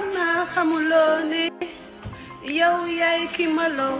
xanaa xamuloo ne yow yaay ki ma loo